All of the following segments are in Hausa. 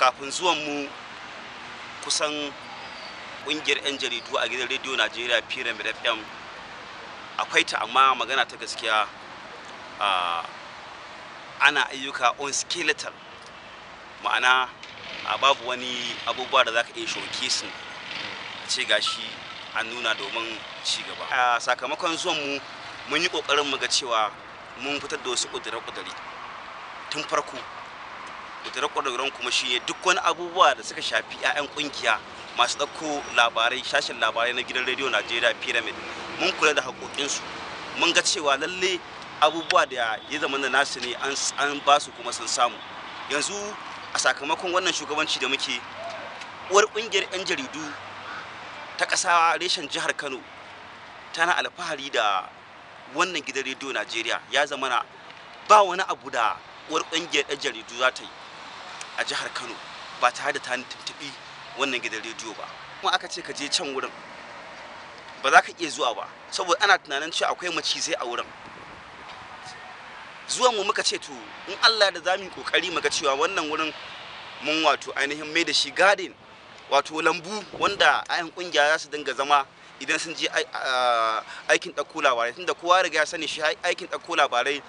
kafin zuwan mu kusan kungiyar 'yan jaridu a gidan rediyo nigeria pyramid fm akwai ta amma magana ta gaskiya ana ayyuka on skeletal ma'ana a babu wani abubuwa da zaka ka iya shoke su ce gashi an nuna domin cigaba a sakamakon zuwan mu mun yi kokarin mu ga cewa mun fitar da wasu kudure-kudure tun farko ƙudure-ƙuduren kuma shine duk wani abubuwa da suka shafi 'ya'yan ƙungiya masu ɗauko labarai shashin labarai na gidan rediyo najeriya pyramid mun kula da haƙoƙinsu mun ga cewa lalle abubuwa da ya zama na nasu ne an ba su kuma sun samu yanzu a sakamakon wannan shugabanci da muke uwar ƙungiyar 'yan jaridu ta ƙasa reshen jihar kano tana alfahari da wannan gidan rediyo najeriya ya zama ba wani abu da uwar ƙungiyar 'yan jaridu za ta yi a jihar kano ba tare da ta tuntuɓi wannan gidan rediyo ba kuma aka ce ka je can wurin ba za ka iya zuwa ba saboda ana tunanin cewa akwai macizai a wurin zuwan mu muka ce to in Allah da zamu yi kokari muga cewa wannan wurin mun wato ainihin mai da shi garden wato lambu wanda ayan kungiya za su dinga zama idan sun je aikin ɗauko labarai tunda kowa riga ya sani shi aikin ɗauko labarai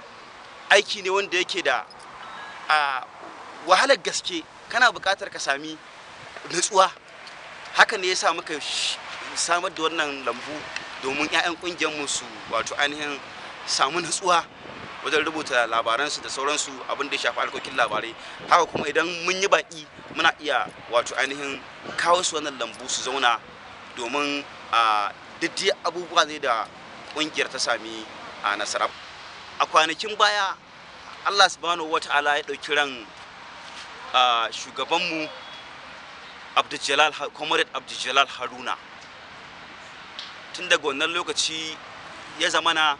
aiki ne wanda yake da wahalar gaske kana buƙatar ka sami nutsuwa haka ne ya sa muka samar da wannan lambu domin 'ya'yan ƙungiyarmu su wato ainihin samu nutsuwa wajen rubuta labaransu da sauransu abin da ya shafi harkokin labarai haka kuma idan mun yi baƙi muna iya wato ainihin kawo su wannan lambu su zauna domin a diddi abubuwa ne da ƙungiyar ta sami a nasara a kwanakin baya allah subhanahu ta'ala ya ɗauki ran shugabanmu comrade abdul haruna tun daga wannan lokaci ya zamana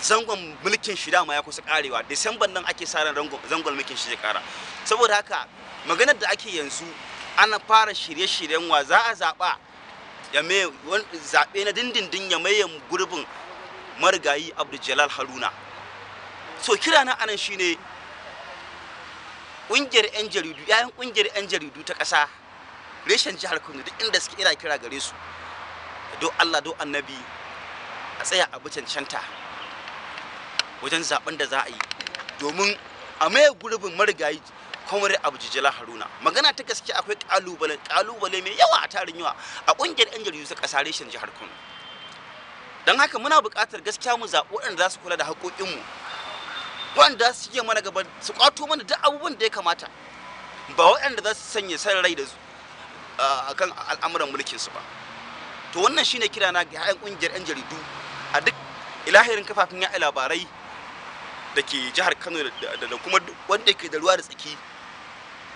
zangon mulkin shi dama ya kusa karewa disamban nan ake sa ran zangon mulkin shi zai kara saboda haka maganar da ake yanzu ana fara shirye-shiryen wa za a zaɓa zaɓe na dindindin ya maye gurbin marigayi abdul haruna so kira na anan shine ƙungiyar 'yan jaridu yayin ƙungiyar 'yan jaridu ta ƙasa reshen jihar Kano duk inda suke ina kira gare su do Allah do annabi a tsaya a bi cancanta wajen zaben da za a yi domin a maye gurbin marigayi kwamar abu jijila haruna magana ta gaske akwai kalubale kalubale mai yawa a tarin yawa a kungiyar yan jaridu ta kasa reshen jihar kano don haka muna buƙatar gaskiya mu zaɓi waɗanda za su kula da haƙoƙinmu wanda su yi mana gaba su kwato mana duk abubuwan da ya kamata ba waɗanda za su sanya san rai da su akan al'amuran mulkin su ba to wannan shine kira na ga ƙungiyar 'yan jaridu a duk ilahirin kafafin yaɗa labarai da ke jihar kano da kuma wanda ke da ruwa da tsaki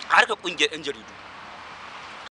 harkar ƙungiyar 'yan jaridu